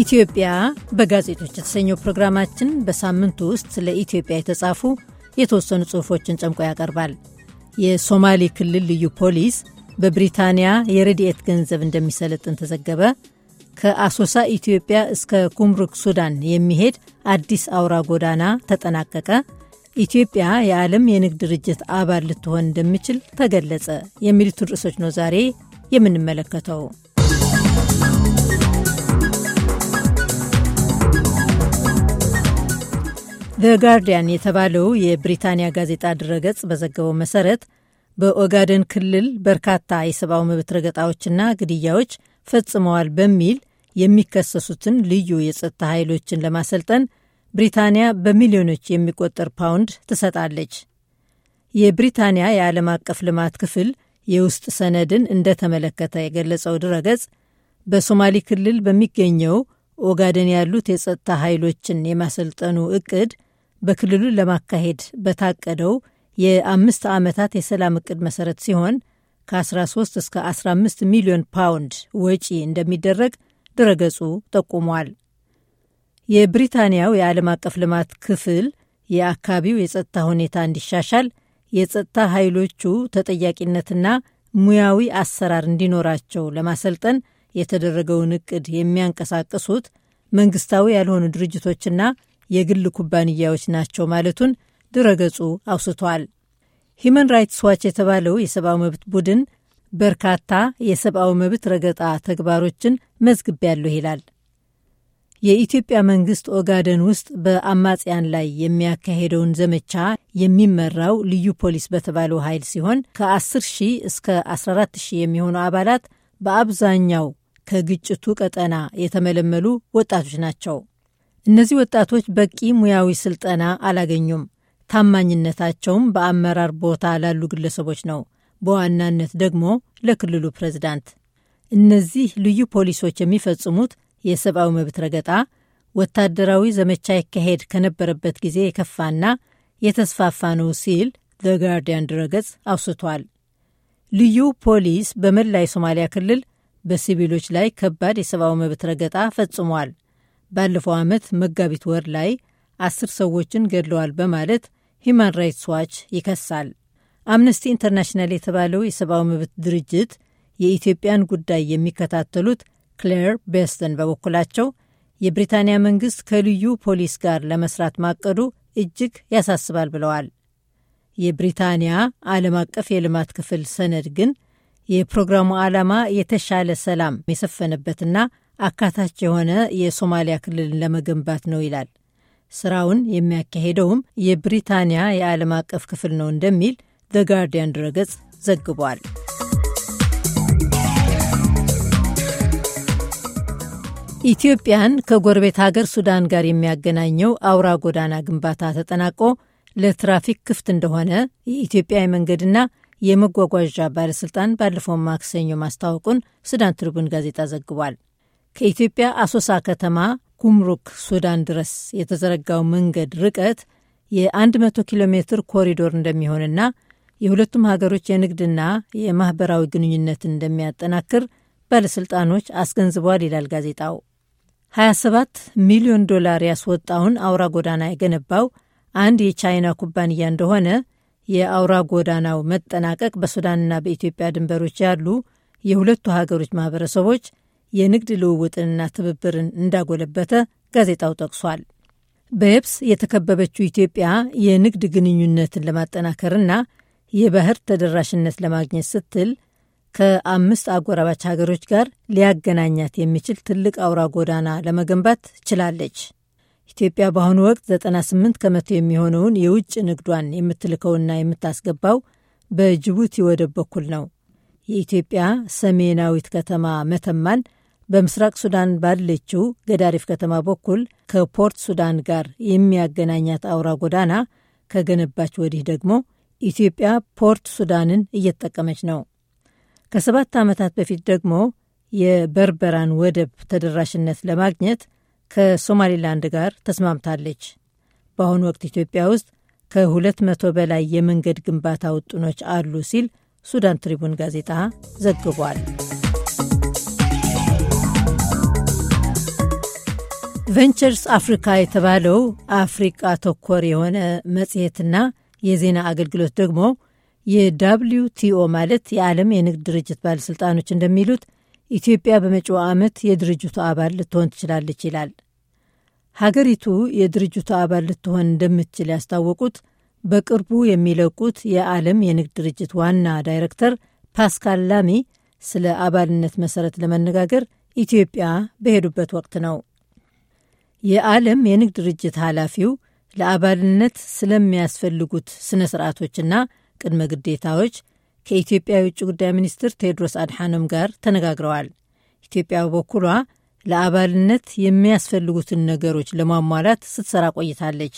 ኢትዮጵያ በጋዜጦች የተሰኘው ፕሮግራማችን በሳምንቱ ውስጥ ስለ ኢትዮጵያ የተጻፉ የተወሰኑ ጽሑፎችን ጨምቆ ያቀርባል። የሶማሌ ክልል ልዩ ፖሊስ በብሪታንያ የረድኤት ገንዘብ እንደሚሰለጥን ተዘገበ፣ ከአሶሳ ኢትዮጵያ እስከ ኩምሩክ ሱዳን የሚሄድ አዲስ አውራ ጎዳና ተጠናቀቀ፣ ኢትዮጵያ የዓለም የንግድ ድርጅት አባል ልትሆን እንደሚችል ተገለጸ የሚሉትን ርዕሶች ነው ዛሬ የምንመለከተው። ዘ ጋርዲያን የተባለው የብሪታንያ ጋዜጣ ድረገጽ በዘገበው መሰረት በኦጋደን ክልል በርካታ የሰብአዊ መብት ረገጣዎችና ግድያዎች ፈጽመዋል በሚል የሚከሰሱትን ልዩ የጸጥታ ኃይሎችን ለማሰልጠን ብሪታንያ በሚሊዮኖች የሚቆጠር ፓውንድ ትሰጣለች። የብሪታንያ የዓለም አቀፍ ልማት ክፍል የውስጥ ሰነድን እንደተመለከተ የገለጸው ድረገጽ በሶማሌ ክልል በሚገኘው ኦጋደን ያሉት የጸጥታ ኃይሎችን የማሰልጠኑ እቅድ በክልሉ ለማካሄድ በታቀደው የአምስት ዓመታት የሰላም እቅድ መሰረት ሲሆን ከ13 እስከ 15 ሚሊዮን ፓውንድ ወጪ እንደሚደረግ ድረገጹ ጠቁሟል። የብሪታንያው የዓለም አቀፍ ልማት ክፍል የአካባቢው የጸጥታ ሁኔታ እንዲሻሻል የጸጥታ ኃይሎቹ ተጠያቂነትና ሙያዊ አሰራር እንዲኖራቸው ለማሰልጠን የተደረገውን እቅድ የሚያንቀሳቅሱት መንግስታዊ ያልሆኑ ድርጅቶችና የግል ኩባንያዎች ናቸው ማለቱን ድረገጹ አውስቷል። ሂማን ራይትስ ዋች የተባለው የሰብአዊ መብት ቡድን በርካታ የሰብአዊ መብት ረገጣ ተግባሮችን መዝግቤያለሁ ይላል። የኢትዮጵያ መንግስት ኦጋደን ውስጥ በአማጽያን ላይ የሚያካሄደውን ዘመቻ የሚመራው ልዩ ፖሊስ በተባለው ኃይል ሲሆን ከ10 ሺህ እስከ 14 ሺህ የሚሆኑ አባላት በአብዛኛው ከግጭቱ ቀጠና የተመለመሉ ወጣቶች ናቸው። እነዚህ ወጣቶች በቂ ሙያዊ ስልጠና አላገኙም። ታማኝነታቸውም በአመራር ቦታ ላሉ ግለሰቦች ነው፣ በዋናነት ደግሞ ለክልሉ ፕሬዝዳንት። እነዚህ ልዩ ፖሊሶች የሚፈጽሙት የሰብአዊ መብት ረገጣ ወታደራዊ ዘመቻ ይካሄድ ከነበረበት ጊዜ የከፋና የተስፋፋ ነው ሲል ዘ ጋርዲያን ድረገጽ አውስቷል። ልዩ ፖሊስ በመላ የሶማሊያ ክልል በሲቪሎች ላይ ከባድ የሰብአዊ መብት ረገጣ ፈጽሟል። ባለፈው ዓመት መጋቢት ወር ላይ አስር ሰዎችን ገድለዋል በማለት ሂማን ራይትስ ዋች ይከሳል። አምነስቲ ኢንተርናሽናል የተባለው የሰብአዊ መብት ድርጅት የኢትዮጵያን ጉዳይ የሚከታተሉት ክሌር ቤስተን በበኩላቸው የብሪታንያ መንግስት ከልዩ ፖሊስ ጋር ለመስራት ማቀዱ እጅግ ያሳስባል ብለዋል። የብሪታንያ ዓለም አቀፍ የልማት ክፍል ሰነድ ግን የፕሮግራሙ ዓላማ የተሻለ ሰላም የሰፈነበትና አካታች የሆነ የሶማሊያ ክልልን ለመገንባት ነው ይላል። ስራውን የሚያካሄደውም የብሪታንያ የዓለም አቀፍ ክፍል ነው እንደሚል ዘ ጋርዲያን ድረገጽ ዘግቧል። ኢትዮጵያን ከጎረቤት ሀገር ሱዳን ጋር የሚያገናኘው አውራ ጎዳና ግንባታ ተጠናቆ ለትራፊክ ክፍት እንደሆነ የኢትዮጵያ የመንገድና የመጓጓዣ ባለሥልጣን ባለፈው ማክሰኞ ማስታወቁን ሱዳን ትሪቡን ጋዜጣ ዘግቧል። ከኢትዮጵያ አሶሳ ከተማ ጉምሩክ ሱዳን ድረስ የተዘረጋው መንገድ ርቀት የ100 ኪሎ ሜትር ኮሪዶር እንደሚሆንና የሁለቱም ሀገሮች የንግድና የማኅበራዊ ግንኙነትን እንደሚያጠናክር ባለሥልጣኖች አስገንዝበዋል ይላል ጋዜጣው። 27 ሚሊዮን ዶላር ያስወጣውን አውራ ጎዳና የገነባው አንድ የቻይና ኩባንያ እንደሆነ የአውራ ጎዳናው መጠናቀቅ በሱዳንና በኢትዮጵያ ድንበሮች ያሉ የሁለቱ ሀገሮች ማኅበረሰቦች የንግድ ልውውጥንና ትብብርን እንዳጎለበተ ጋዜጣው ጠቅሷል። በየብስ የተከበበችው ኢትዮጵያ የንግድ ግንኙነትን ለማጠናከርና የባህር ተደራሽነት ለማግኘት ስትል ከአምስት አጎራባች ሀገሮች ጋር ሊያገናኛት የሚችል ትልቅ አውራ ጎዳና ለመገንባት ችላለች። ኢትዮጵያ በአሁኑ ወቅት 98 ከመቶ የሚሆነውን የውጭ ንግዷን የምትልከውና የምታስገባው በጅቡቲ ወደብ በኩል ነው። የኢትዮጵያ ሰሜናዊት ከተማ መተማን በምስራቅ ሱዳን ባለችው ገዳሪፍ ከተማ በኩል ከፖርት ሱዳን ጋር የሚያገናኛት አውራ ጎዳና ከገነባች ወዲህ ደግሞ ኢትዮጵያ ፖርት ሱዳንን እየተጠቀመች ነው። ከሰባት ዓመታት በፊት ደግሞ የበርበራን ወደብ ተደራሽነት ለማግኘት ከሶማሊላንድ ጋር ተስማምታለች። በአሁኑ ወቅት ኢትዮጵያ ውስጥ ከሁለት መቶ በላይ የመንገድ ግንባታ ውጥኖች አሉ ሲል ሱዳን ትሪቡን ጋዜጣ ዘግቧል። ቬንቸርስ አፍሪካ የተባለው አፍሪቃ ተኮር የሆነ መጽሔትና የዜና አገልግሎት ደግሞ የዳብሊዩ ቲኦ ማለት የዓለም የንግድ ድርጅት ባለሥልጣኖች እንደሚሉት ኢትዮጵያ በመጪው ዓመት የድርጅቱ አባል ልትሆን ትችላለች ይላል። ሀገሪቱ የድርጅቱ አባል ልትሆን እንደምትችል ያስታወቁት በቅርቡ የሚለቁት የዓለም የንግድ ድርጅት ዋና ዳይሬክተር ፓስካል ላሚ ስለ አባልነት መሰረት ለመነጋገር ኢትዮጵያ በሄዱበት ወቅት ነው። የዓለም የንግድ ድርጅት ኃላፊው ለአባልነት ስለሚያስፈልጉት ስነ ስርዓቶችና ቅድመ ግዴታዎች ከኢትዮጵያ የውጭ ጉዳይ ሚኒስትር ቴዎድሮስ አድሓኖም ጋር ተነጋግረዋል። ኢትዮጵያ በበኩሏ ለአባልነት የሚያስፈልጉትን ነገሮች ለማሟላት ስትሰራ ቆይታለች።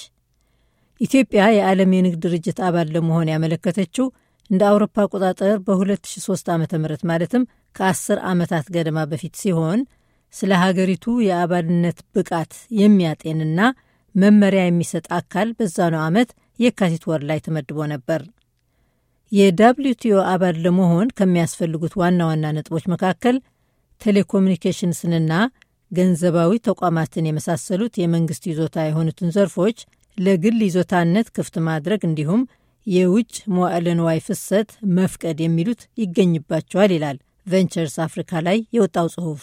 ኢትዮጵያ የዓለም የንግድ ድርጅት አባል ለመሆን ያመለከተችው እንደ አውሮፓ አቆጣጠር በ2003 ዓ ም ማለትም ከ10 ዓመታት ገደማ በፊት ሲሆን ስለ ሀገሪቱ የአባልነት ብቃት የሚያጤንና መመሪያ የሚሰጥ አካል በዛኑ ዓመት የካቲት ወር ላይ ተመድቦ ነበር። የዳብሊውቲኦ አባል ለመሆን ከሚያስፈልጉት ዋና ዋና ነጥቦች መካከል ቴሌኮሚኒኬሽንስንና ገንዘባዊ ተቋማትን የመሳሰሉት የመንግስት ይዞታ የሆኑትን ዘርፎች ለግል ይዞታነት ክፍት ማድረግ እንዲሁም የውጭ መዋዕለ ንዋይ ፍሰት መፍቀድ የሚሉት ይገኝባቸዋል ይላል ቬንቸርስ አፍሪካ ላይ የወጣው ጽሑፍ።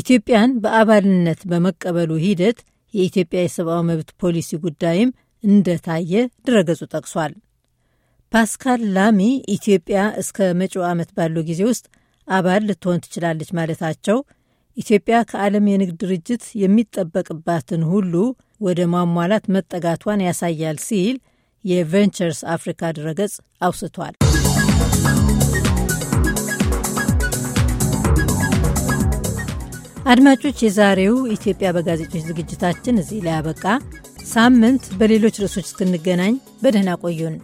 ኢትዮጵያን በአባልነት በመቀበሉ ሂደት የኢትዮጵያ የሰብአዊ መብት ፖሊሲ ጉዳይም እንደታየ ድረገጹ ጠቅሷል። ፓስካል ላሚ ኢትዮጵያ እስከ መጪው ዓመት ባለው ጊዜ ውስጥ አባል ልትሆን ትችላለች ማለታቸው ኢትዮጵያ ከዓለም የንግድ ድርጅት የሚጠበቅባትን ሁሉ ወደ ማሟላት መጠጋቷን ያሳያል ሲል የቬንቸርስ አፍሪካ ድረገጽ አውስቷል። አድማጮች፣ የዛሬው ኢትዮጵያ በጋዜጦች ዝግጅታችን እዚህ ላይ አበቃ ሳምንት በሌሎች ርዕሶች እስክንገናኝ በደህና ቆዩን።